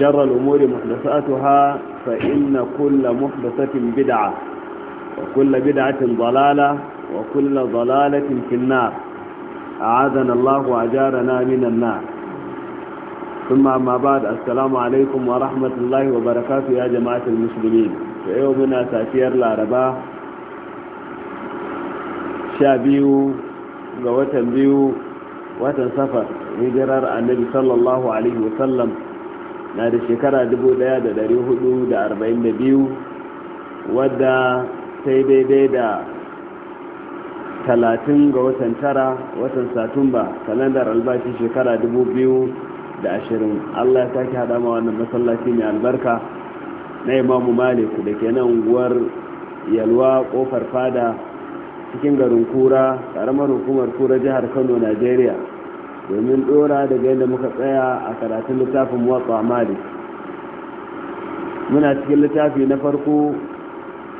شر الأمور محدثاتها فإن كل محدثة بدعة وكل بدعة ضلالة وكل ضلالة في النار أعاذنا الله وأجارنا من النار ثم ما بعد السلام عليكم ورحمة الله وبركاته يا جماعة المسلمين في يومنا ساتير العرباء شابيو بيو وتنسفر هجرر النبي صلى الله عليه وسلم na da shekara 1442 wadda sai daidai da 30 ga watan tara watan satumba kalandar albashi shekara 2020 allah ya sake hada ma wannan masallaci mai albarka na imamu malik da ke nan unguwar yalwa kofar fada cikin garin kura karamar hukumar kura jihar kano nigeria domin dora daga yadda muka tsaya a karatun littafin watsa malik muna cikin littafi na farko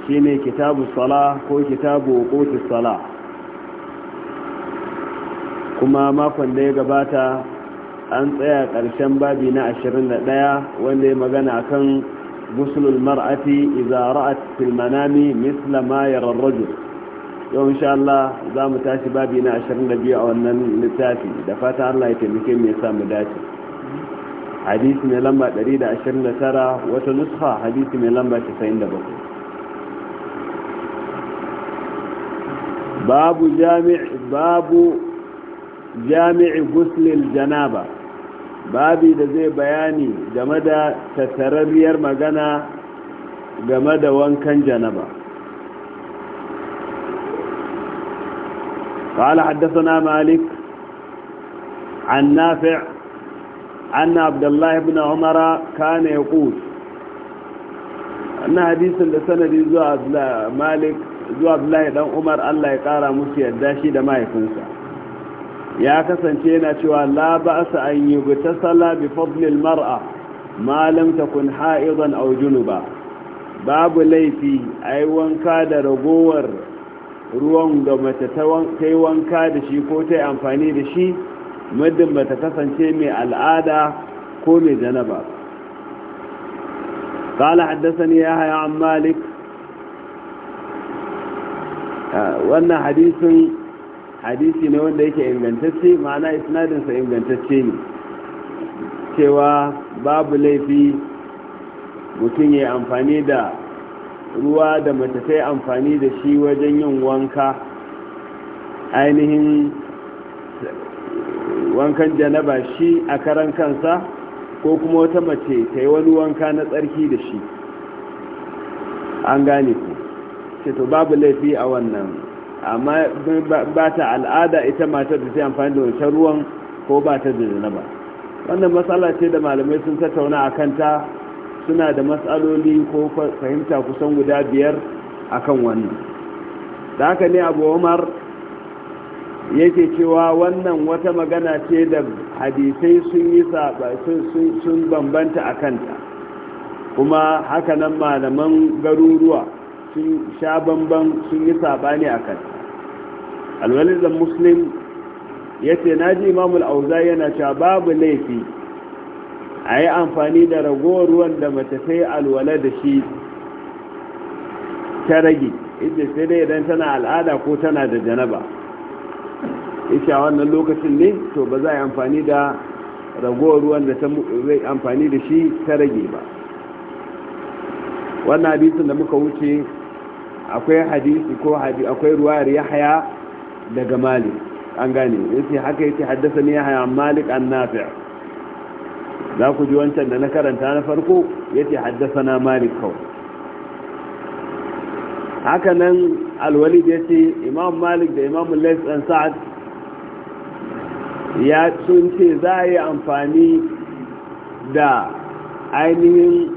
shine kitabu sala ko kitabu wuquti sala kuma makon da ya gabata an tsaya ƙarshen babi na 21 wanda ya magana akan kan mar'ati mar'afi, ra'at fil manami yau insha Allah za mu tashi babi na 22 a wannan littafi da fata Allah ya taimake mai sa samu dace hadisi mai lamba 129 wata nusha hadisi mai lamba 97 babu jami'i babu jami'i غسل الجنابه babi da zai bayani game da tattararriyar magana game da wankan janaba قال حدثنا مالك عن نافع أن عبد الله بن عمر كان يقول أن حديث لسند زوى مالك زوى عبد الله بن عمر الله يقارى مسيا الداشي دما يكونسا يا كسنتينا شوى لا بأس أن يغتسل بفضل المرأة ما لم تكن حائضا أو جنبا babu laifi a yi wanka da ragowar ruwan da mace ta wanka da shi ko ta yi amfani da shi muddin bata kasance mai al'ada ko mai janaba Haddasa ne ya haya an malik. wannan hadisin hadisi ne wanda yake ingantacce ma'ana isnadinsa ingantacce ne cewa babu laifi mutum ya amfani da ruwa da mace ta yi amfani da shi wajen yin wanka ainihin wankan janaba shi a karan kansa ko kuma wata mace ta yi wani wanka na tsarki da shi an gane ku ce to babu laifi a wannan amma ba ta al'ada ita matar da ta amfani da wancan ruwan ko ba ta da janaba wannan matsala ce da malamai sun tattauna a kanta suna da matsaloli ko fahimta kusan guda biyar akan wannan da haka ne abu umar yake cewa wannan wata magana ce da hadisai sun yi sun bambanta a kanta kuma hakanan malaman garuruwa sun sha bamban sun yi saɓani a kanta alwalizan muslim ya ce na ji imamul auza yana cewa babu laifi a yi amfani da ragowar ruwan da mace ta yi alwala da shi ta rage inda sai dai idan tana al'ada ko tana da janaba isha wannan lokacin ne to ba za a yi amfani da ragowar ruwan da ta zai amfani da shi ta rage ba wannan hadisin da muka wuce akwai hadisi ko hadisi akwai ruwayar yahaya daga malik an gane yace haka yace haddasa ne yahaya malik an nafi' za ku ji wancan da na karanta na farko ya ce haddasa malik kawai haka nan alwalid ya ce imam malik da imam lais sa'ad ya sun ce za a yi amfani da ainihin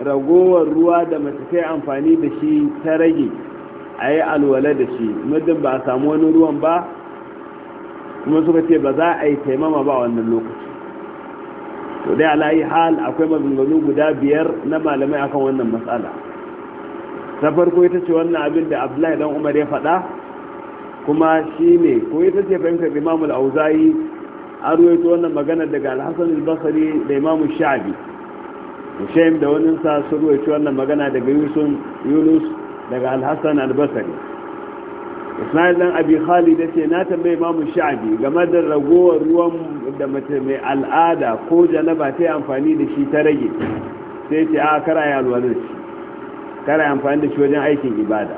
ragowar ruwa da mace kai amfani da shi ta rage a yi alwala da shi muddin ba a samu wani ruwan ba kuma suka ce ba za a yi taimama ba wannan lokaci to dai alayi hal akwai maganganu guda biyar na malamai akan wannan matsala ta farko ita ce wannan abin da abdullahi dan umar ya faɗa kuma shi ne ko ita ce fahimtar imamu auzayi an ruwaito wannan magana daga alhassan al-Basri da imamu sha'abi mushaim da sa sun ruwaito wannan magana daga yunus daga alhassan albasari ismail dan abi khalid yace na tambaye imamu sha'bi game da ragowar ruwan da mace mai al'ada ko janaba ta yi amfani da shi ta rage sai ce a kara ya alwalar shi kara amfani da shi wajen aikin ibada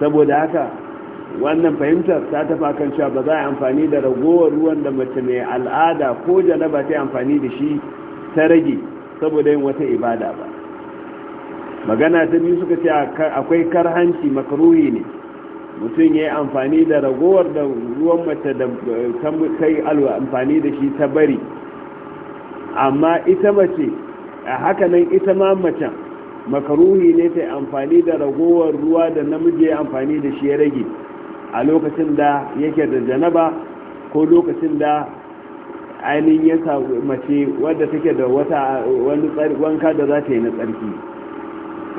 saboda haka wannan fahimtar ta tafa kan cewa ba za a amfani da ragowar ruwan da mace mai al'ada ko janaba ta yi amfani da shi ta rage saboda yin wata ibada ba magana ta biyu suka ce akwai karhanci makaruhi ne mutum ya yi amfani da ragowar da ruwan mace da kai alwa amfani da shi ta bari amma ita mace a hakanan ita ma macen makaruhi ne ta amfani da ragowar ruwa da namiji ya amfani da shi ya rage a lokacin da yake da janaba ko lokacin da ainihin ya mace wadda take da wata wani wanka da za ta yi na tsarki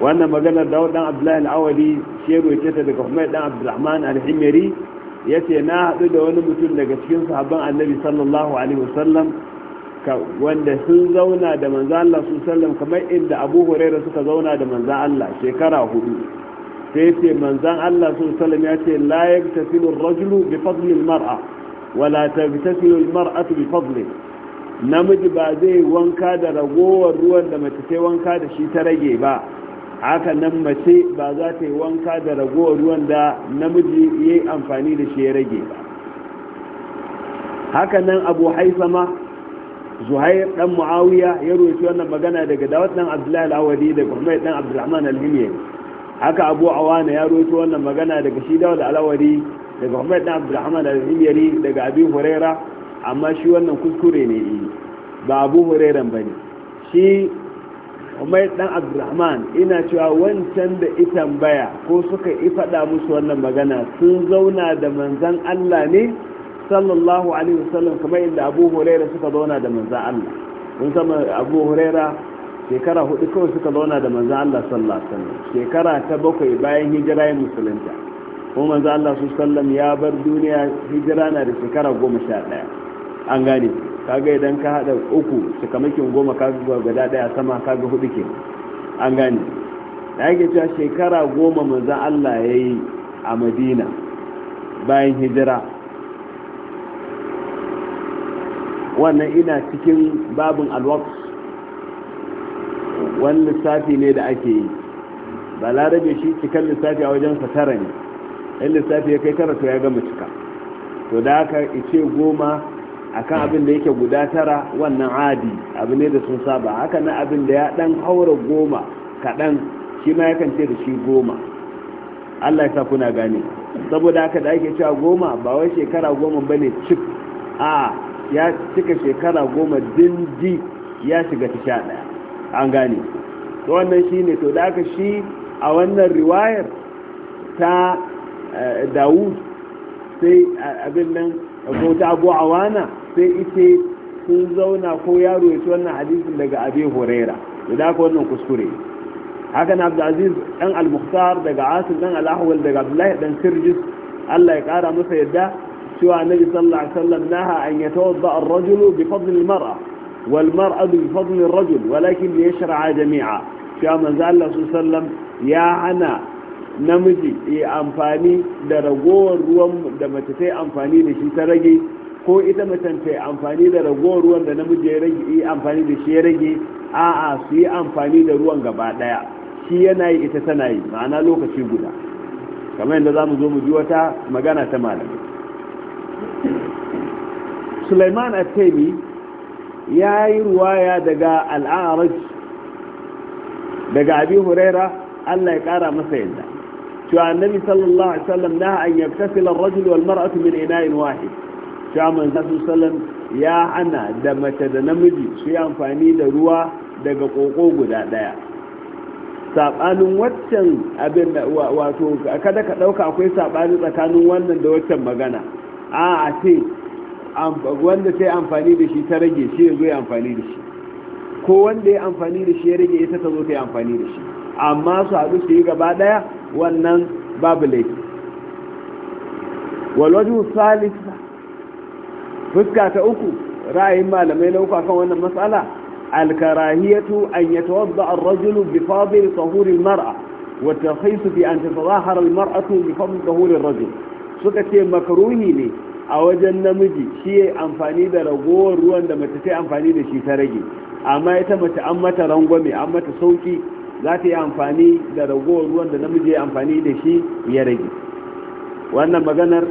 wannan maganar da dan abdullahi al'awari shi ya roce ta daga kuma dan abdulrahman al-himyari ya ce na haɗu da wani mutum daga cikin sahabban annabi sallallahu alaihi wasallam wanda sun zauna da manzo Allah su sallam kamar inda abu huraira suka zauna da manzo Allah shekara hudu sai ce manzan Allah su sallam ya ce la yaktasilu ar-rajulu bi fadli al-mar'a wala tabtasilu al-mar'atu bi fadli namiji ba zai wanka da ragowar ruwan da mace ta wanka da shi ta rage ba haka nan mace ba za ta yi wanka da ragowar ruwan da namiji ya yi amfani da shi ya rage ba haka nan abu haifama, zuhair dan muawiya ya roci wannan magana daga dawud dan abdullahi al-awadi da kuma dan abdurrahman al-himyari haka abu awana ya roci wannan magana daga shi dawud al-awadi daga kuma dan abdurrahman al-himyari daga abi huraira amma shi wannan kuskure ne ba abu hurairan bane shi umar dan abdurrahman ina cewa wancan da itambaya ko suka yi faɗa musu wannan magana sun zauna da manzan Allah ne sallallahu alaihi wasallam kamar inda abu huraira suka zauna da manzan Allah kun san abu huraira shekara hudu kawai suka zauna da manzan Allah sallallahu alaihi wasallam shekara ta bakwai bayan hijira ya musulunta kuma manzan Allah sallallahu alaihi wasallam ya bar duniya hijira na da shekara goma sha ɗaya an gane kaga idan ka hada uku sakamakin goma kaga gwagwada daya sama kaga hudu ke an gane da yake cewa shekara goma maza Allah ya yi a madina bayan hijira wannan ina cikin babin alwaks wani lissafi ne da ake yi ba larabe shi cikin lissafi a wajen tara ne in lissafi ya kai tara to ya gama cika to da haka ice goma akan abin da yake guda tara wannan adi abu ne da sun saba haka na abin da ya dan haura goma kaɗan shi ma yakan ce da shi goma allah ya sa kuna gane saboda haka da ake cewa goma ba wai shekara goma ba ne cik a ya cika shekara goma dindi ya shiga ta ɗaya an gane to wannan shi ne to da aka shi a wannan riwayar ta eh, dawud sai eh, abin nan ko ta abu awana sai ita sun zauna ko yaro ya ci wannan hadisin daga abi horaira da haka wannan kuskure haka na aziz dan al-mukhtar daga asim dan al-ahwal daga abdullahi dan sirjis Allah ya kara masa yadda cewa annabi sallallahu alaihi wasallam naha an yatawadda ar-rajulu bi fadli al-mar'a wal mar'atu bi fadli ar-rajul walakin li yashra'a jami'a cewa manzo Allah sallallahu alaihi wasallam ya hana namiji ya amfani da ragowar ruwan da mace ta amfani da shi ta rage ko ita macen ta amfani da ragowar ruwan da namiji ya rage yi amfani da shi ya rage a'a su yi amfani da ruwan gaba daya shi yana yi ita tana yi ma'ana lokaci guda kamar yadda za mu zo mu ji wata magana ta malamai sulaiman at-taimi ya yi ruwaya daga al'arar daga abi huraira allah ya kara masa yadda cewa annabi sallallahu alaihi wasallam na an yaktasila ar-rajul wal mar'atu min ina'in wahid Shaman manzo sallam ya hana da mace da namiji su yi amfani da ruwa daga koko guda daya saɓanin waccan abin da wato kada ka ɗauka akwai saɓani tsakanin wannan da waccan magana a a ce wanda yi amfani da shi ta rage shi ya zo ya amfani da shi ko wanda ya amfani da shi ya rage ita ta zo ta yi amfani da shi amma su haɗu su yi gaba ɗaya wannan babu laifi salif fuska ta uku ra'ayin malamai na kan akan wannan matsala alkarahiyatu an yatawadda ar-rajulu bi fadl tahuri al-mar'a wa tarkhis fi an al-mar'atu bi fadl tahuri ar-rajul suka ce makruhi ne a wajen namiji shi yayi amfani da ragowar ruwan da mace ta amfani da shi ta rage amma ita mace an mata rangwame an mata sauki za ta yi amfani da ragowar ruwan da namiji ya amfani da shi ya rage wannan maganar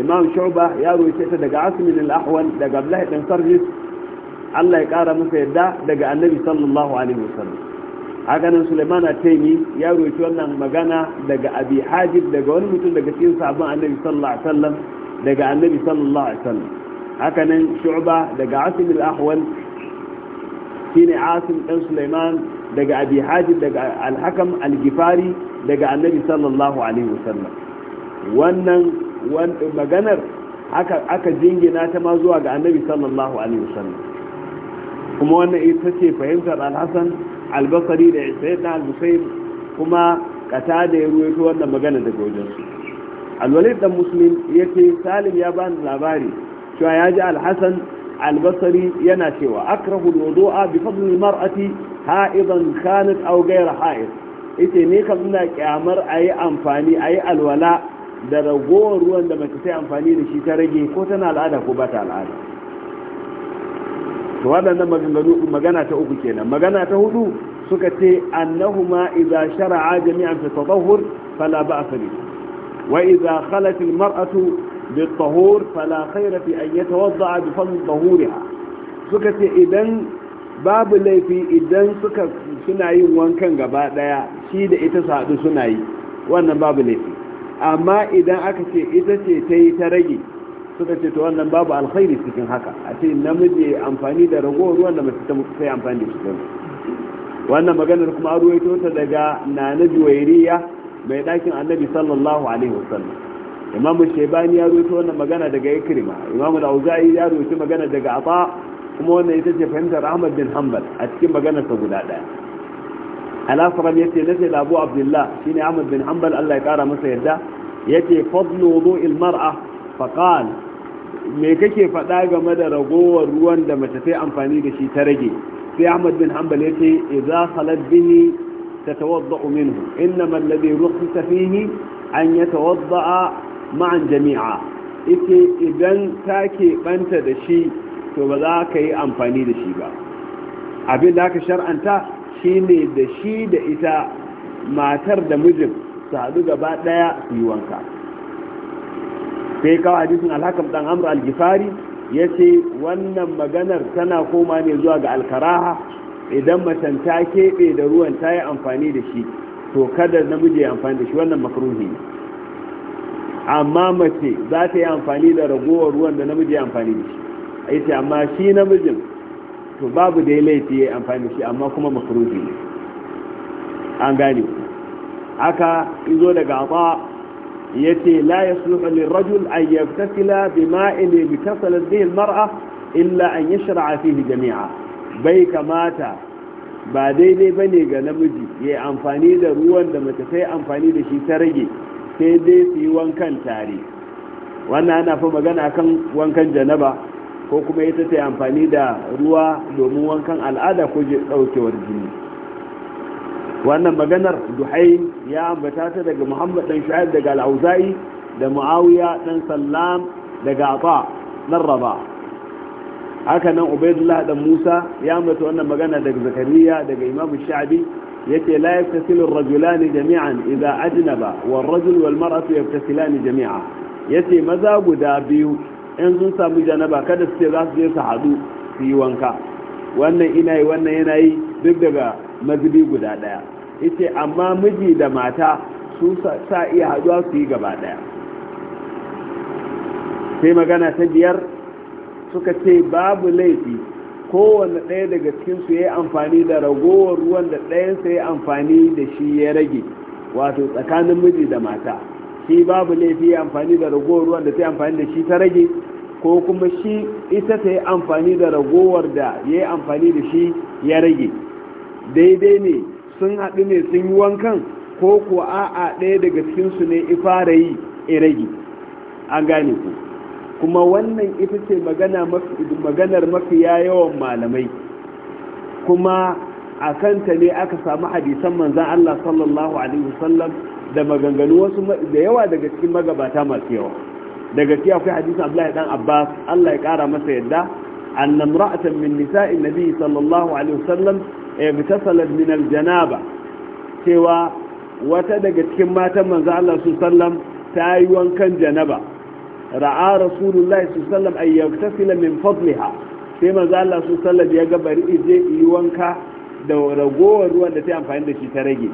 imam shuba ya roƙe ta daga asmin al-ahwal daga abdullahi dan sarjis Allah ya ƙara masa yadda daga annabi sallallahu alaihi wasallam haka nan suleiman ataimi ya roƙi wannan magana daga abi hajib daga wani mutum daga cikin sabon annabi sallallahu alaihi wasallam daga annabi sallallahu alaihi wasallam haka nan shu'ba daga asmin al-ahwal shine asim dan suleiman daga abi hajib daga al-hakam al-gifari daga annabi sallallahu alaihi wasallam wannan maganar aka jingina ta ma zuwa ga annabi sallallahu alaihi wasallam kuma wannan ita ce fahimtar al-hasan al-basri da sayyid al-husayn kuma kata da ya ruwaito wannan magana daga wajen su al-walid dan muslim salim ya bani labari cewa ya ji al Albasari yana cewa akrahu al-wudu'a bi fadli al-mar'ati ha'idan kanat aw ghayra ha'id ita ne kan ina kyamar ayi amfani ayi alwala da ragowar ruwan da mace ta amfani da shi ta rage ko tana al'ada ko ba ta al'ada to waɗannan maganganu magana ta uku kenan magana ta hudu suka ce annahuma idza shara'a jami'an fi tatahhur fala ba'sa bi wa idza khalat al mar'atu bi tahur fala khayra fi an yatawadda'a bi fadl tahuriha suka ce idan babu laifi idan suka suna yin wankan gaba daya shi da ita su haɗu suna yi wannan babu laifi amma idan aka ce ita ce ta yi ta rage suka ce ta wannan babu alkhairi cikin haka a ce namiji amfani da ragowar ruwan da masu ta yi amfani da shi gani wannan maganar kuma an ya ta daga nabi wairiya mai ɗakin annabi sallallahu alaihi wasallam imamu shebani ya ruwaito wannan magana daga ikrima imamu auza'i ya ruwaito magana daga ata kuma wannan ita ce fahimtar ahmad bin hanbal a cikin maganarsa guda ɗaya al ya yace nace da Abu Abdullah shine Ahmad bin Hanbal Allah ya kara masa yadda yace fadlu ilmar mar'a faqal me kake faɗa game da ragowar ruwan da mace ta amfani da shi ta rage sai Ahmad bin Hanbal yace idza bini bihi tatawadda'u minhu innama alladhi rukhsisa fihi an yatawadda'a ma'an jami'a ita idan ta keɓanta da shi to ba za ka yi amfani da shi ba abin da aka shar'anta shine da shi da ita matar da mijin su haɗu gaba ɗaya su yi wanka sai kawo hadisin alhakan ɗan amur algifari ya ce wannan maganar tana koma ne zuwa ga alkaraha idan macen ta keɓe da ruwan ta yi amfani da shi to kada namiji ya amfani da shi wannan makaruhi ne amma mace za ta yi amfani da ragowar ruwan da namiji ya amfani da shi ce amma shi namijin to babu da ya laifi ya amfani da shi amma kuma makaruhi ne an gane haka izo daga ba ya ce la ya suluhu rajul an yabtasila bima'in bi kasalat bihi mar'a illa an yi yashra'a fihi jami'a bai kamata ba daidai ba ne ga namiji ya amfani da ruwan da mace sai amfani da shi ta rage sai dai su yi wankan tare wannan ana fi magana kan wankan janaba ko kuma ita ta amfani da ruwa domin wankan al'ada ko daukewar jini wannan maganar duhai ya ambata ta daga muhammad dan shu'aib daga al'auza'i da muawiya dan sallam daga ata dan raba haka nan ubaidullah dan musa ya ambata wannan magana daga zakariya daga imamu sha'bi yace la yaktasilu ar-rajulani jami'an idza ajnaba war-rajul wal mar'atu yaktasilani jami'a yace maza guda biyu in sun samu janaba kada su ce za su je su haɗu su yi wanka wannan ina yi wannan yana yi duk daga mazubi guda ɗaya ita amma miji da mata su sa iya haduwa su yi gaba ɗaya sai magana ta biyar suka ce babu laifi kowane ɗaya daga cikinsu ya yi amfani da ragowar ruwan da ɗayansa ya amfani da shi ya rage wato tsakanin miji da mata shi babu laifi ya amfani da ragowar ruwan da ta amfani da shi ta rage ko kuma shi ita ta yi amfani da ragowar da ya yi amfani da shi ya rage daidai ne sun haɗu ne sun yi wankan ko kuwa a'a ɗaya daga cikinsu ne ifara yi ya rage an gane ku kuma wannan ita ce maganar mafiya yawan malamai kuma a kanta ne aka samu hadisan manzan Allah sallallahu alaihi wasallam da maganganu wasu da yawa daga cikin magabata masu yawa daga gaskiya akwai hadisi Abdullahi dan Abbas Allah ya kara masa yadda anna imra'atan min nisa'i nabi sallallahu alaihi wasallam ibtasalat min aljanaba cewa wata daga cikin matan manzo Allah su sallam ta yi wankan janaba ra'a rasulullahi sallallahu alaihi wasallam ayyaktasila min fadliha sai manzo Allah su sallam ya ga bari ije yi wanka da ragowar ruwan da ta amfani da shi ta rage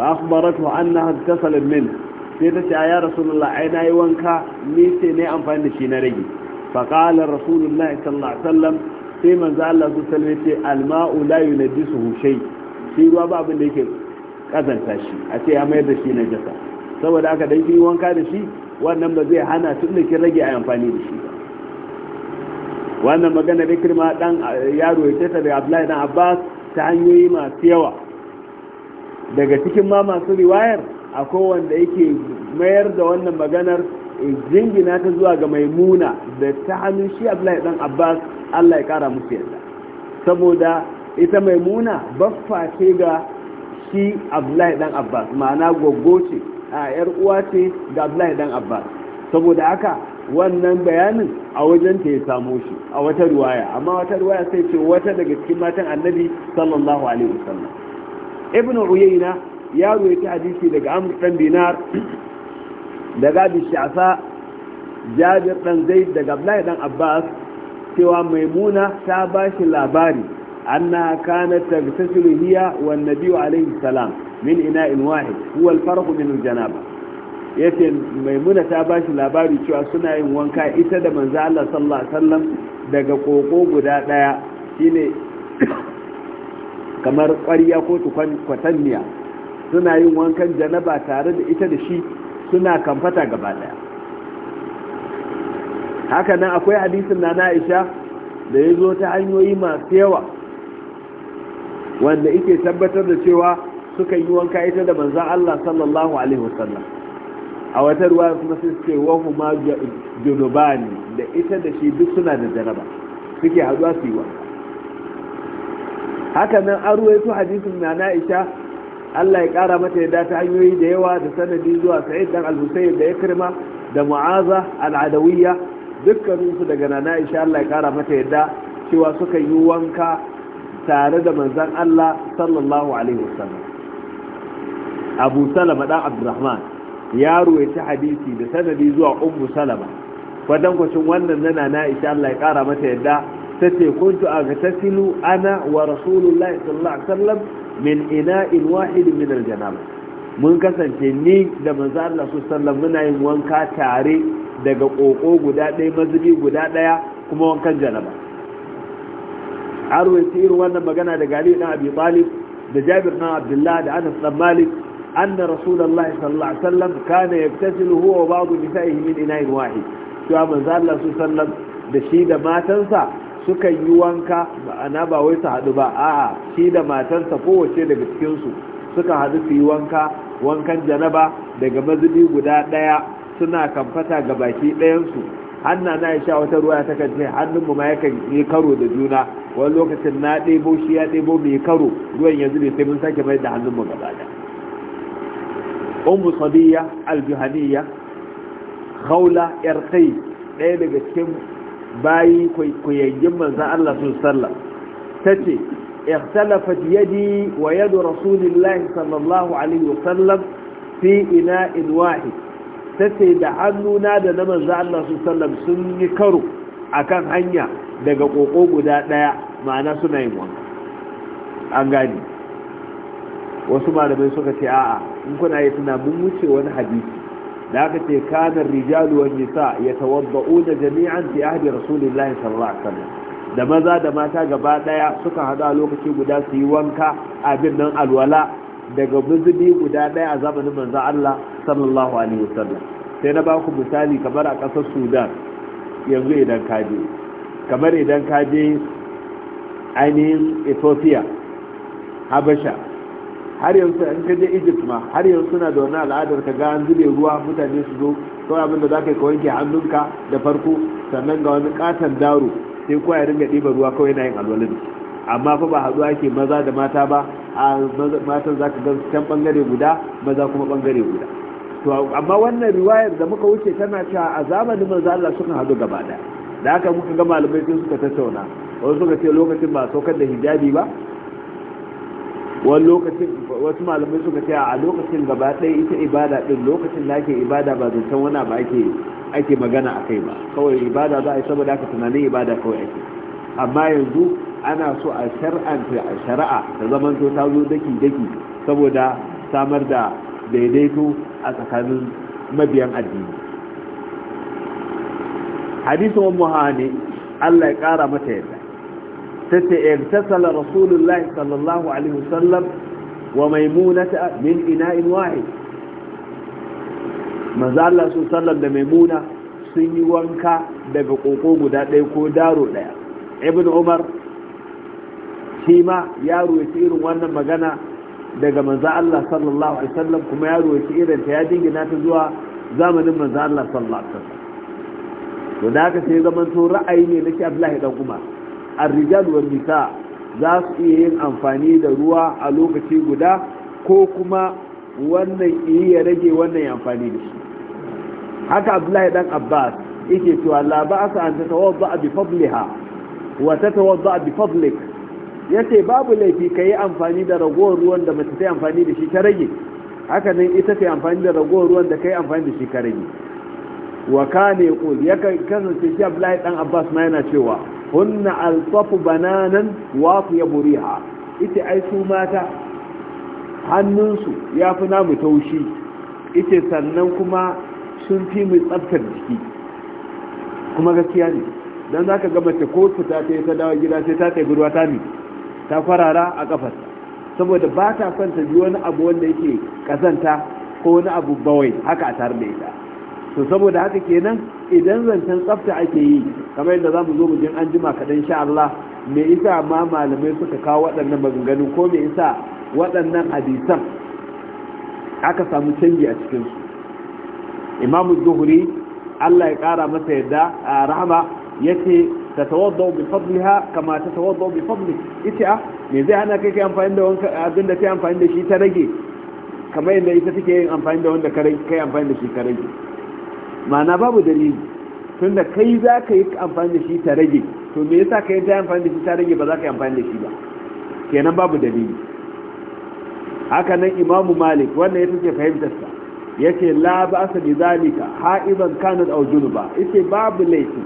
fa akhbaratu annaha igtasalat min sai ta ce ya rasulullah ai na yi wanka ni sai na yi amfani da shi na rage faƙalar rasulullah sallallahu alaihi wasallam sai manzo Allah su wasallam ce alma'u la yunaddisu shay shi ruwa ba abin da yake kazanta shi a ce ya mayar da shi na jasa saboda aka dan yi wanka da shi wannan ba zai hana tun da rage a amfani da shi wannan magana da kirma dan yaro ya ta da Abdullahi dan Abbas ta hanyoyi masu yawa daga cikin ma masu riwayar akwai wanda yake mayar da wannan maganar jingina ta zuwa ga maimuna da ta hannun shi abdullahi dan abbas allah ya kara musu yadda saboda ita maimuna baffa ce ga shi abdullahi dan abbas ma'ana goggo ce a yar uwa ce ga abdullahi dan abbas saboda haka wannan bayanin a wajen ta ya samo shi a wata ruwaya amma wata ruwaya sai ce wata daga cikin matan annabi sallallahu alaihi wasallam ibnu uyayna ya ruwaita hadisi daga amr dan dinar daga abi shafa jabir dan zai, daga abdullahi dan abbas cewa maimuna ta ba shi labari anna kana tagtasilu hiya wan nabiyyu alayhi salam min ina'in wahid huwa al min al yace maimuna ta ba shi labari cewa suna yin wanka ita da manzo Allah sallallahu alaihi wasallam daga koko guda daya shine kamar ƙwarya ko kwatanniya suna yin wankan janaba tare da ita da shi suna kamfata gaba daya haka nan akwai hadisin na na'isha da ya zo ta hanyoyi masu yawa wanda ike tabbatar da cewa suka yi wanka ita da manzan Allah sallallahu alaihi wasallam a wata ruwa kuma sai ce wahu ma junubani da ita da shi duk suna da janaba suke haduwa su yi wanka haka nan an ruwaito hadisin na na'isha Allah ya kara mata yadda ta hanyoyi da yawa da sanadi zuwa Sa'id dan Al-Husayn da Ikrima da Mu'aza al-Adawiyya dukkanin su daga Nana Aisha Allah ya kara mata yadda cewa suka yi wanka tare da manzon Allah sallallahu alaihi wasallam Abu Salama dan Abdurrahman ya ruwaita hadisi da sanadi zuwa Ummu Salama kwatankwacin wannan na Nana Aisha Allah ya kara mata yadda tace kuntu aga tasilu ana wa rasulullahi sallallahu alaihi wasallam min in wahid min aljanaba mun kasance ni da manzo Allah su sallam muna yin wanka tare daga koko guda ɗaya mazubi guda ɗaya kuma wankan janaba arwai irin wannan magana da gali na abi talib da jabir na abdullah da anas dan malik anna rasulullahi sallallahu alaihi wasallam kana yaktasilu huwa wa ba'du nisa'ihi min ina'in wahid to manzo Allah su sallam da shi da matansa suka yi wanka ana ba wai su hadu ba a'a shi da matarsa kowace daga cikinsu suka haɗu su yi wanka wankan janaba daga mazubi guda ɗaya suna kamfata ga baki ɗayansu hanna na ya sha wata ruwa ta kace ce hannunmu ma yakan yi karo da juna wani lokacin na ɗebo shi ya ɗebo mai karo ruwan yanzu zube sai mun sake mai da hannunmu gaba da ummu sabiya aljuhaniya khawla irqi ɗaya daga cikin bayi koyayyun manzan Allah su sallah ta ce اختلفت wa ويد رسول الله صلى الله عليه وسلم في إناء واحد تسي da hannuna da na manzo Allah sallam sun yi karo akan hanya daga koko guda daya ma'ana suna yin wanka an gani wasu malamai suka ce a'a in kuna yi tuna mun wuce wani hadisi da aka ce kanar rijalu wa nisa ya tawabba'u da jami'an fi ahdi rasulillahi sallallahu alaihi wasallam da maza da mata gaba daya suka hada lokaci guda su yi wanka abin nan alwala daga muzubi guda daya a zamanin manzo Allah sallallahu alaihi wasallam sai na baku misali kamar a kasar Sudan yanzu idan ka je kamar idan ka je ainihin Ethiopia Habasha har yanzu in ka je egypt ma har yanzu suna da wani al'adar ka ga an zube ruwa mutane su zo kawai abin da za ka yi ka wanke hannunka da farko sannan ga wani katon daro sai kowa ya ringa ɗiba ruwa kawai na yin alwalin amma fa ba haɗuwa ke maza da mata ba a matan za ka gan can ɓangare guda maza kuma ɓangare guda to amma wannan riwayar da muka wuce tana cewa a zamanin manzo Allah suka haɗu gaba ɗaya da haka muka ga malamai sun suka tattauna wasu suka ce lokacin ba saukar da hijabi ba wani lokacin wasu malamai suka ce a lokacin gaba ɗaya ita ibada ɗin lokacin da ake ibada ba zancen wani ba ake magana a kai ba kawai ibada za a yi saboda aka tunanin ibada kawai ake amma yanzu ana so a shar'anta a shari'a da zaman to ta zo daki daki saboda samar da daidaito a tsakanin mabiyan addini hadisin wani Allah ya ƙara mata yadda tace irtasala rasulullahi sallallahu alaihi wasallam wa maimunata min ina'in wahid manzo Allah su sallam da maimuna sun yi wanka daga koko guda ɗaya ko daro ɗaya ibn umar shi ma ya ruwaci irin wannan magana daga manzo Allah sallallahu alaihi wasallam kuma ya ruwaci irin ta ya jingina ta zuwa zamanin manzo Allah sallallahu alaihi wasallam to da haka sai zaman to ra'ayi ne nake Abdullahi dan Umar arrijal wa wan nisa za su iya yin amfani da ruwa a lokaci guda ko kuma wannan iya rage wannan amfani da shi haka abdullahi dan abbas yake cewa la ba'sa an tawadda bi fadliha wa tawadda bi fadlik yace babu laifi kai amfani da ragowar ruwan da mace ta amfani da shi ta rage haka nan ita ta amfani da ragowar ruwan da kai amfani da shi ka rage wa kana yaqul ya kasance shi abdullahi dan abbas ma yana cewa hunna alfafu bananan wa ya buriha ita ai su mata hannunsu ya fi namu taushi ita sannan kuma sun fi mu tsaftar jiki kuma gaskiya ne don za ka ga mace ko ta ta ta dawo gida sai ta tafi ruwa ta ne ta farara a kafarta saboda ba ta son ta ji wani abu wanda yake kazanta ko wani abu bawai haka a tare da to saboda haka kenan idan zancen tsafta ake yi kamar yadda za mu zo mu jin an jima kaɗan sha Allah me isa ma malamai suka kawo waɗannan maganganu ko me isa waɗannan hadisan aka samu canji a cikinsu imamu zuhuri Allah ya ƙara masa yadda a rahama ya ce ta tawadda bi fadliha kama ta tawadda bi fadli ita ah, me zai hana kai kai amfani da wanka abin da kai amfani da shi ta rage kamar yadda ita take yin amfani da wanda kai amfani da shi ka rage ma'ana babu dalili tunda kai za ka yi amfani da shi ta rage to me yasa ka yi ta amfani da shi ta rage ba za ka yi amfani da shi ba kenan babu dalili haka nan imamu malik wannan ya fahimtar fahimtarsa ya ce la ba asa bi zalika ha'iban kanat aw junuba ita babu laifi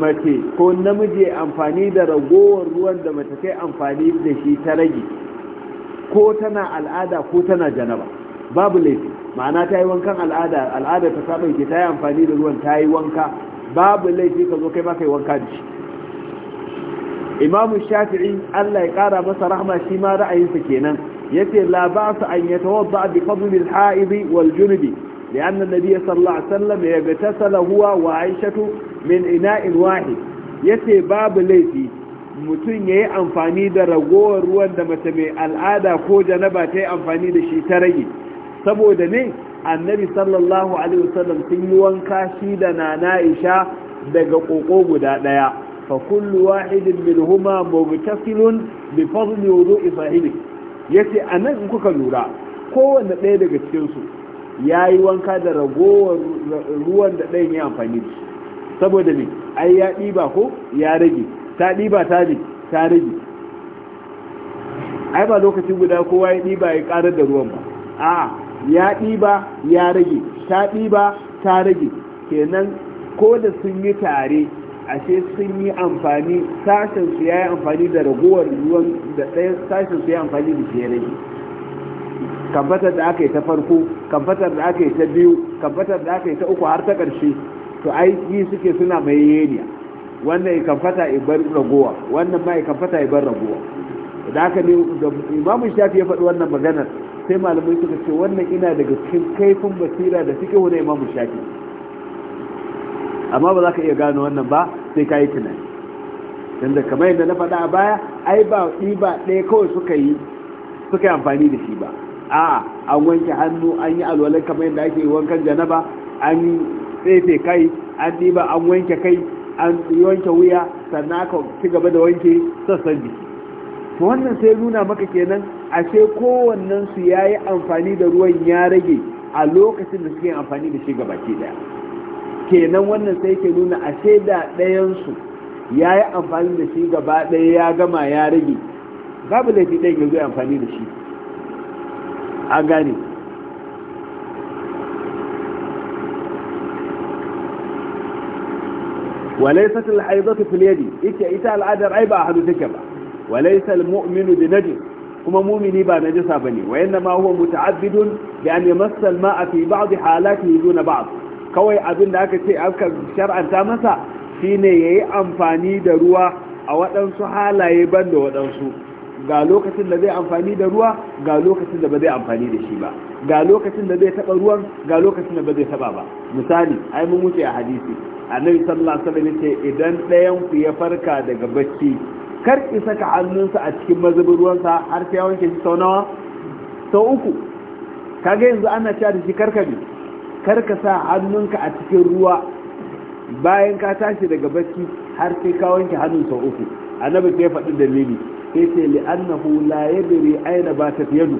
mace ko namiji amfani da ragowar ruwan da mace kai amfani da shi ta rage ko tana al'ada ko tana janaba babu laifi ma'ana ta yi wankan al'ada al'ada ta saba ke ta yi amfani da ruwan ta yi wanka babu laifi ka zo kai ma kai wanka da shi imamu shafi'i allah ya kara masa rahma shi ma ra'ayinsa kenan yace la su an ta bi fadli al-ha'id wal junubi لأن النبي صلى الله عليه ya yace babu laifi mutum ya yi amfani da ragowar ruwan da mace mai al'ada ko janaba ta yi amfani da shi ta rage saboda ne annabi sallallahu alaihi wasallam sun yi wanka shi da nana isha daga koko guda daya fa kullu wahidin huma mubtasilun bi fadli wudu'i fahili yace anan in kuka lura kowanne ɗaya daga cikin su yayi wanka da ragowar ruwan da ɗayan ya amfani da saboda ne ai ya ɗiba ko ya rage ta ɗiba ta ne ta rage ai ba lokaci guda kowa ya ɗiba ya ƙarar da ruwan ba a'a ya ɗiba ya rage ta ɗiba ta rage kenan ko da sun yi tare ashe sun yi amfani sashensu ya yi amfani da ragowar ruwan da ɗayan sashensu ya yi amfani da shi ya rage kamfatar da aka yi ta farko kamfatar da aka yi ta biyu kamfatar da aka yi ta uku har ta ƙarshe to aiki suke suna mai yeniya wannan ya kamfata bar ragowa wannan ma ya kamfata bar ragowa da aka ne da imamu shafi ya faɗi wannan maganar sai malamai suka ce wannan ina daga cikin kaifin basira da suke wani imamu shafi amma ba za ka iya gano wannan ba sai ka yi tunani don da kamar yadda na faɗa a baya ai ba ɗiba ɗaya kawai suka yi suka yi amfani da shi ba a an wanke hannu an yi alwalar kamar yadda ake wankan janaba an tsefe kai an ɗiba an wanke kai an wanke wuya sannan aka ci gaba da wanke sassan jiki to wannan sai nuna maka kenan ashe kowannen su yi amfani da ruwan ya rage a lokacin da suke amfani da shi baki daya kenan wannan sai ke nuna ashe da ɗayan su yi amfani da shi gaba ɗaya ya gama ya rage babu laifi ɗayan ya zo amfani da shi an gane وليست الحيضة في اليد إيك إيتا العادة عيبة أحد تكبا وليس المؤمن بنجس kuma mumini ba na ba bane wa yanna ma huwa muta'abbidun bi an yamassa al-ma'a fi ba'd halatihi duna ba'd kawai abin da aka ce aka shar'anta masa shine yayi amfani da ruwa a waɗansu halaye banda waɗansu ga lokacin da zai amfani da ruwa ga lokacin da ba zai amfani da shi ba ga lokacin da zai taba ruwan ga lokacin da ba zai taba ba misali ai mun wuce a hadisi annabi sallallahu alaihi wasallam ce idan ɗayan ku ya farka daga bacci kar ki saka hannunsa a cikin mazubin ruwansa har sai wanke shi sau nawa sau uku ka ga yanzu ana cewa da shi karka ne ka sa hannunka a cikin ruwa bayan ka tashi daga bacci har sai ka wanke hannun sau uku annabi sai faɗi dalili sai ce annahu la yadri aina ba ta yadu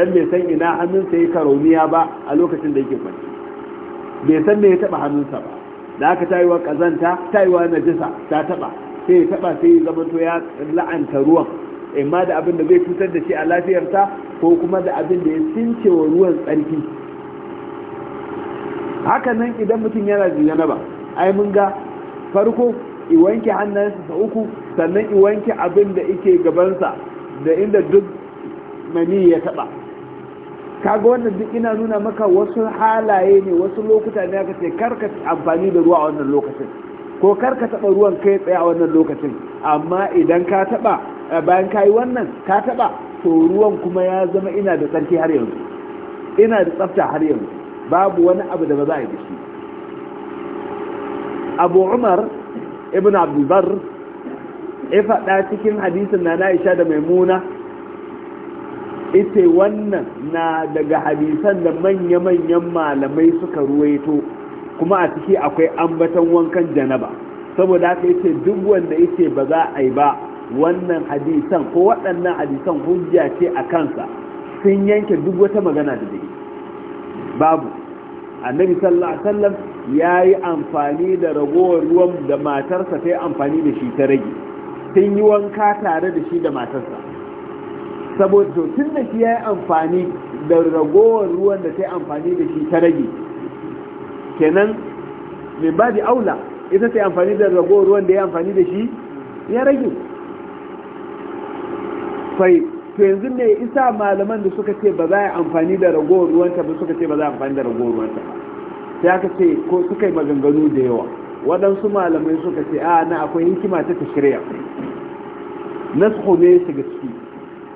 dan bai san ina hannunsa yake karomiya ba a lokacin da yake kwanci bai san me ya taba hannunsa ba da aka tayiwa kazanta tayiwa najisa ta taba sai ya taba sai ya zama to ya la'anta ruwan imma da abin da zai cutar da shi a lafiyarta ko kuma da abin da ya sinke wa ruwan tsarki haka nan idan mutum yana da ba ai mun ga farko i wanke hannayensa sa uku sannan i wanke abin da yake gabansa da inda duk mani ya taba kaga wannan duk ina nuna maka wasu halaye ne wasu lokuta ne aka ce karka amfani da ruwa a wannan lokacin ko kar ka taɓa ruwan kai tsaye a wannan lokacin amma idan ka taɓa bayan ka yi wannan ka taɓa to ruwan kuma ya zama ina da tsarki har yanzu ina da tsafta har yanzu babu wani abu da ba za a yi da shi abu umar ibn abdulbar ya faɗa cikin hadisin na na'isha da maimuna ita wannan na daga hadisan da manya-manyan malamai suka ruwaito kuma a ciki akwai ambaton wankan janaba saboda haka yace duk wanda yake ba za a yi ba wannan hadisan ko waɗannan hadisan hujja ce a kansa sun yanke duk wata magana da dai babu annabi sallallahu alaihi wasallam yayi amfani da ragowar ruwan da matarsa ta yi amfani da shi ta rage sun yi wanka tare da shi da matarsa saboda to tun da shi yayi amfani da ragowar ruwan da ta yi amfani da shi ta rage kenan mai ba da aula ita ta amfani da ragowar ruwan da ya amfani da shi ya rage fai to yanzu ne isa malaman da suka ce ba za a amfani da ragowar ruwanta ba suka ce ba za a amfani da ragowar ruwanta ba sai aka ce ko suka yi maganganu da yawa waɗansu malamai suka ce a ah, na akwai hikima ta su nasu ne shiga ciki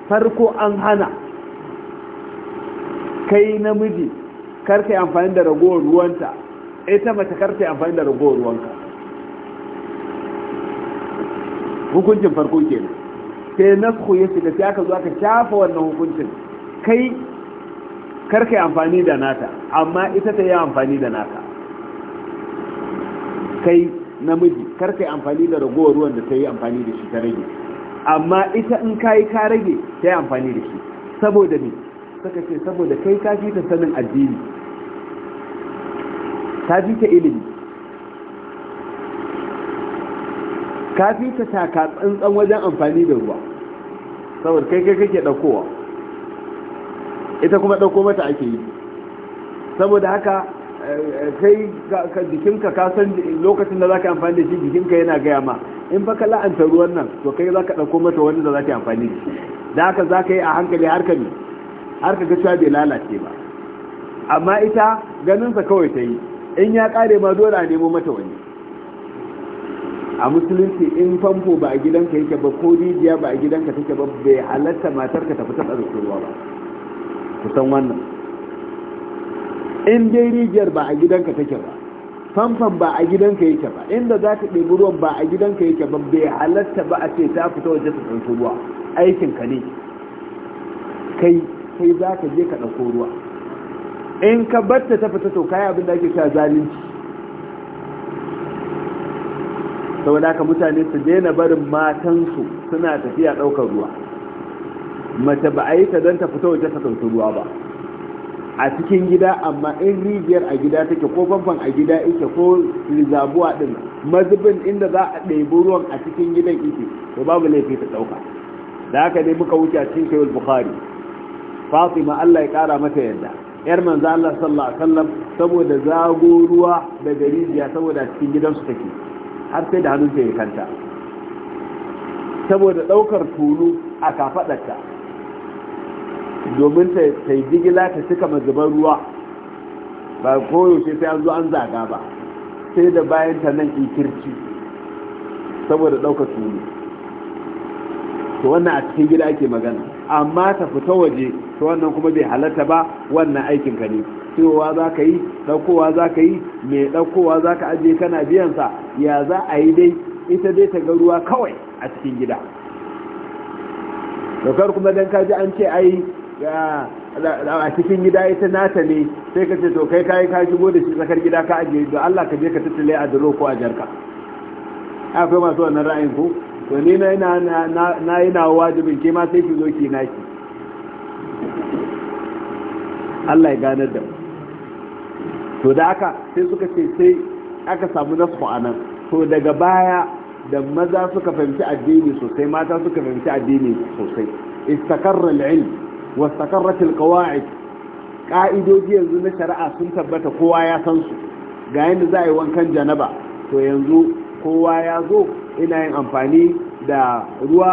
farko an hana kai namiji karka yi amfani da ragowar ruwanta ita mace karka yi amfani da ragowar ruwanka hukuncin farko kenan sai na su ya shiga sai aka zo aka shafa wannan hukuncin kai karka yi amfani da nata amma ita ta yi amfani da nata kai namiji karka yi amfani da ragowar ruwan da ta yi amfani da shi ta rage amma ita in ka yi ka rage ta yi amfani da shi saboda ne suka ce saboda kai ka fi ta sanin addini ta fi ta ilimi ka ta taka tsantsan wajen amfani da ruwa saboda kai kai kake ɗaukowa ita kuma ɗauko mata ake yi saboda haka eh, eh, kai ka jikinka ka san lokacin da za ka amfani da shi jikinka yana gaya ma in fa ka la'anta ruwan nan to kai za ka ɗauko mata wani da za ka amfani da shi da haka za ka yi a hankali har ka ne har ka ga cewa bai lalace ba amma ita ganinsa kawai ta yi in ya ƙare ma dole a nemo mata wani a musulunci in famfo ba a gidanka yake ba ko rijiya ba a gidanka take ba bai halatta ka tafi ta tsaro ruwa ba kusan wannan in dai rijiyar ba a gidanka take ba famfan ba a gidanka yake ba inda za ta ɗebi ruwan ba a gidanka yake ba bai halatta ba a ce ta fita waje ta ɗauki ruwa aikin ka ne kai kai za ka je ka ɗauko ruwa in ka bar ta fita to kayi abin da ake sa zalunci saboda haka mutane su daina barin matansu suna tafiya ɗaukar ruwa mace ba a yi ta don ta fita waje ta ɗauki ruwa ba a cikin gida amma in rijiyar a gida take ko famfan a gida ike ko rizabuwa din mazubin inda za a ɗebi ruwan a cikin gidan ike to babu laifi ta ɗauka da haka ne muka wuce a cikin shayul bukhari fatima allah ya ƙara mata yadda yar manzo allah sallallahu alaihi wasallam saboda zago ruwa daga rijiya saboda cikin gidansu take har sai da hannun ke kanta saboda ɗaukar tulu a ta domin ta yi jigila ta cika mazuban ruwa ba koyaushe sai an zo an zaga ba sai da bayan ta nan kirci saboda ɗaukar tulu to wannan a cikin gida ake magana amma ta fita waje to wannan kuma bai halatta ba wannan aikin ka ne cewa za ka yi ɗaukowa za ka yi mai ɗaukowa za ka ajiye kana biyansa ya za a yi dai ita dai ta ga ruwa kawai a cikin gida daukar kuma don kaji an ce ai a cikin gida ita nata ne sai ka ce to kai kayi ka shigo da shi tsakar gida ka ajiye da Allah ka je ka tattale a duro ko a jarka akwai masu wannan ra'ayin ku to ni na yi nawa wajibin ke ma sai ki zo ki naki Allah ya ganar da mu to da haka sai suka ce sai aka samu nasu a nan to daga baya da maza suka fahimci addini sosai mata suka fahimci addini sosai istakarra al-ilm wa istakarrat al-qawa'id ka'idoji yanzu na shari'a sun tabbata kowa ya san su ga yanda za a yi wankan janaba to yanzu kowa ya zo ina yin amfani da ruwa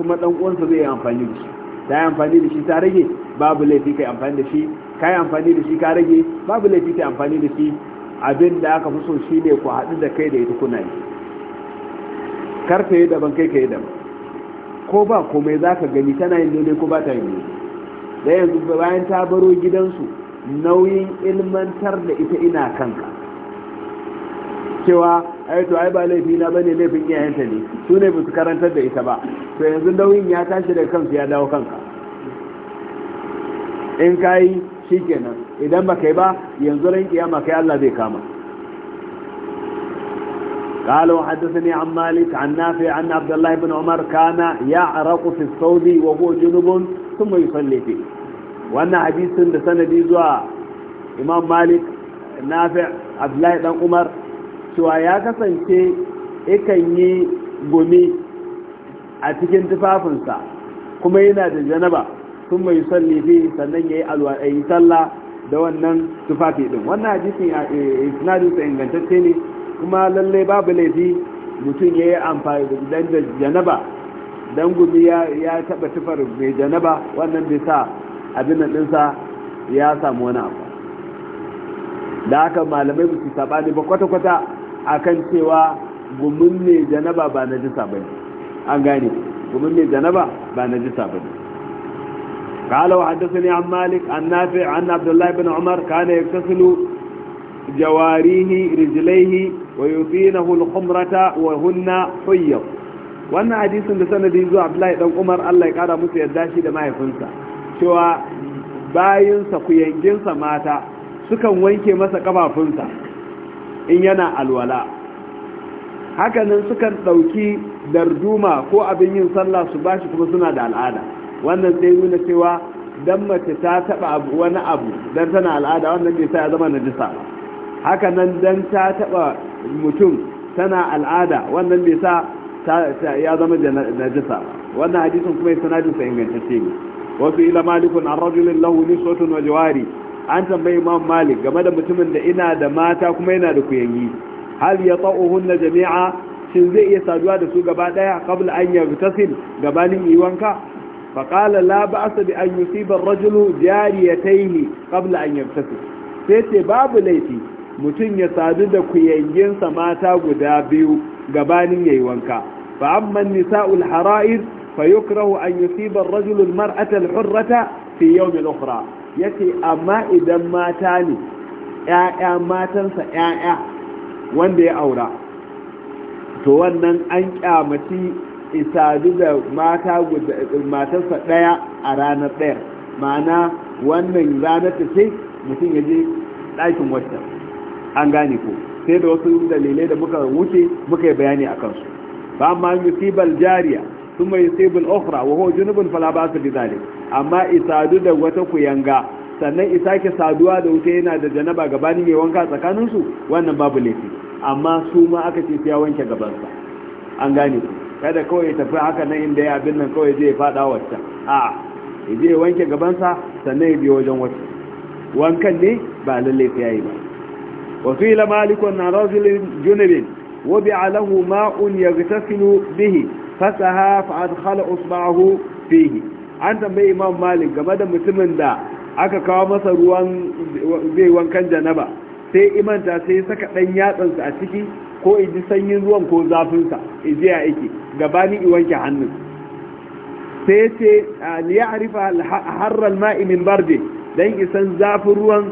kuma dan uwansa zai yi amfani da shi ta yi amfani da shi ta rage babu laifi kai amfani da shi ka yi amfani da shi ka rage babu laifi ta amfani da shi abin da aka fi so shi ne ku haɗu da kai da ita kuna yi kar ka yi daban kai ka yi daban ko ba komai za gani tana yin daidai ko ba ta yin daidai da yanzu bayan ta baro gidansu nauyin ilmantar da ita ina kanka cewa ai to ai ba laifi na bane laifin iyayenta ne su ne ba karantar da ita ba to yanzu nauyin ya tashi daga kansu ya dawo kanka in ka yi shi ke nan idan ba kai ba yanzu ran kiyama kai Allah zai kama kalo hadisani an malik an nafi an abdullahi bin umar kana ya araku fi saudi wa go junubun sun mai fallefe wannan hadisun da sanadi zuwa imam malik nafi abdullahi dan umar cewa ya kasance ikan yi gumi a cikin tufafinsa kuma yana da janaba sun mai son fi sannan ya yi alwa'ayi talla, da wannan tufafi ɗin wannan hadisin a eh, eh, isnadinsa ingantacce ne kuma lallai babu laifi mutum ya yi amfani da janaba don gumi ya taɓa tufar mai janaba wannan bai sa abin ɗinsa ya samu wani abu da haka malamai ba su saɓani ba kwata-kwata a kan cewa gumin mai janaba ba na jisa ba ne an gane gumin mai janaba ba na jisa ba ne قال وحدثني عن مالك عن نافع عن عبد الله بن عمر كان يغتسل جواريه رجليه ويطينه الخمرة وهن حيض wannan hadisin da sanadi zuwa Abdullahi dan Umar Allah ya kara musu yadda shi da mahaifinsa cewa bayinsa kuyanginsa mata sukan wanke masa kafafunsa in yana alwala hakanan sukan ɗauki darduma ko abin yin sallah su bashi kuma suna da al'ada wannan sai nuna cewa dan mace ta taba wani abu dan tana al'ada wannan bai sai ya zama najisa haka nan dan ta taba mutum tana al'ada wannan bai sa ya zama najisa wannan hadisin kuma sanadin inganta ce ne wasu ila malikun an rajulin lahu niswatun wa jawari an tambayi imam malik game da mutumin da ina da mata kuma yana da kuyangi hal ya ta'uhunna jami'a shin zai iya saduwa da su gaba daya qabla an yaghtasil gabanin yi wanka faƙala la ba'asa bi an yusiba rajulu jariyatayhi qabla an yabtasi sai ce babu laifi mutum ya sadu da kuyanginsa mata guda biyu gabanin yayi wanka fa amma nisa'ul hara'iz fa an yusiba ar-rajulu al-mar'ata al-hurrata fi yawm al-ukhra yace amma idan mata ne ƴaƴa matansa 'ya'ya wanda ya aura to wannan an kyamaci isadu da mata matarsa ɗaya a ranar ɗaya ma'ana wannan ranar ta ce mutum ya je ɗakin wata an gane ko sai da wasu dalilai da muka wuce muka yi bayani a kansu ba ma musibal jariya sun mai yusibul okra wa ho junubun fala ba su amma isadu da wata kuyanga sannan ke saduwa da wuta yana da janaba gabanin mai wanka tsakaninsu wannan babu laifi amma su ma aka ce ya wanke gabansa an gane ku kada kawai ya tafi haka nan inda ya abin nan kawai zai fada wacce a zai wanke gabansa sannan ya biyo wajen wacce wankan ne ba lalle ta yi ba wa qila malikun na rajulin junubin wa bi'a lahu ma'un yaghtasilu bihi fasaha fa adkhala usba'ahu fihi an tambayi imam malik game da mutumin da aka kawo masa ruwan zai wankan janaba sai imanta sai saka dan yatsansa a ciki ko in ji sanyin ruwan ko zafinsa in ji ya yake gabani i wanke hannu sai ce ya harifa harran ma'i min barde don isan zafin ruwan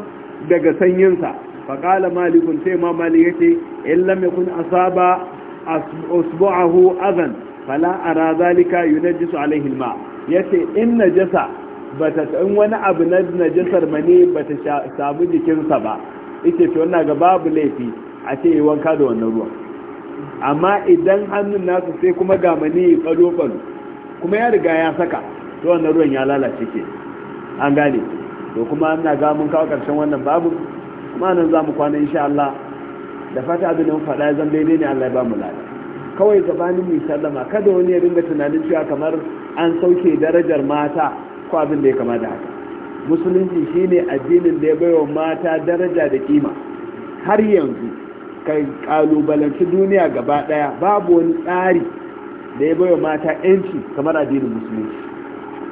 daga sanyinsa faƙala malikun sai ma malik ce in lam yakun asaba asbu'ahu azan fala ara zalika jisu alaihilma ya yace in najasa bata in wani abu na najasar mane bata samu jikinsa ba ita ce wannan ga babu laifi a ce yi wanka da wannan ruwan amma idan hannun nasu sai kuma gamani falo-falo kuma ya riga ya saka to wannan ruwan ya lalace ke an gane to kuma ana ga mun kawo karshen wannan babu kuma nan za mu kwana insha Allah da fata abin da mun faɗa zan daidai ne Allah ya ba mu lada kawai gabanin mu sallama kada wani ya dinga tunanin cewa kamar an sauke darajar mata ko abin da ya kama da haka musulunci shine addinin da ya baiwa mata daraja da kima har yanzu kai kalubalanci duniya gaba daya babu wani tsari da ya baiwa mata yanci kamar addinin musulunci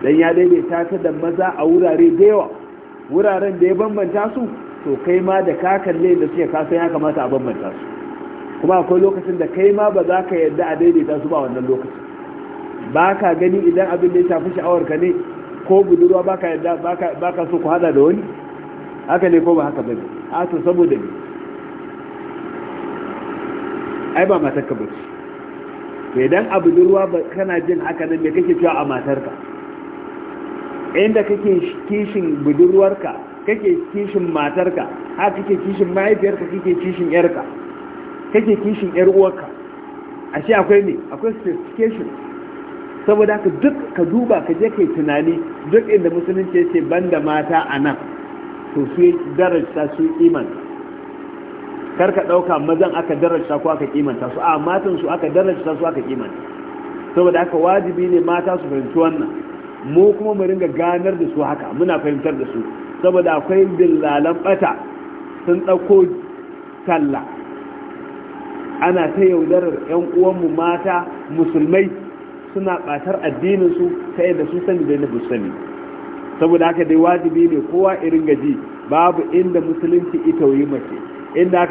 dan ya daidaita ta da maza a wurare da yawa wuraren da ya bambanta su to kai ma da ka kalle da suke kasu ya kamata a bambanta su kuma akwai lokacin da kai ma ba za ka yarda a daidaita su ba wannan lokacin ba ka gani idan abin da ya sha'awar sha'awarka ne ko budurwa ba ka so ku hada da wani haka ne ko ba haka ne a to saboda ne ai ba matarka ba ce idan abu ba kana jin haka nan da kake cewa a matarka inda kake kishin budurwarka kake kishin matarka haka kake kishin mahaifiyarka kake kishin yarka kake kishin yar uwarka shi akwai ne akwai specification saboda haka duk ka duba ka je kai tunani duk inda musulunci ya ce banda mata a nan to su yi darajta su imanta kar ka ɗauka mazan aka darajta ko aka kimanta su a matan su aka darajta su aka kimanta saboda haka wajibi ne mata su fahimci wannan mu kuma mu ringa ganar da su haka muna fahimtar da su saboda akwai dillalan bata sun ɗauko talla ana ta yaudarar 'yan uwanmu mata musulmai suna ɓatar addininsu ta yadda su sani da na sani saboda haka dai wajibi ne kowa irin gaji babu inda musulunci ita yi mace inda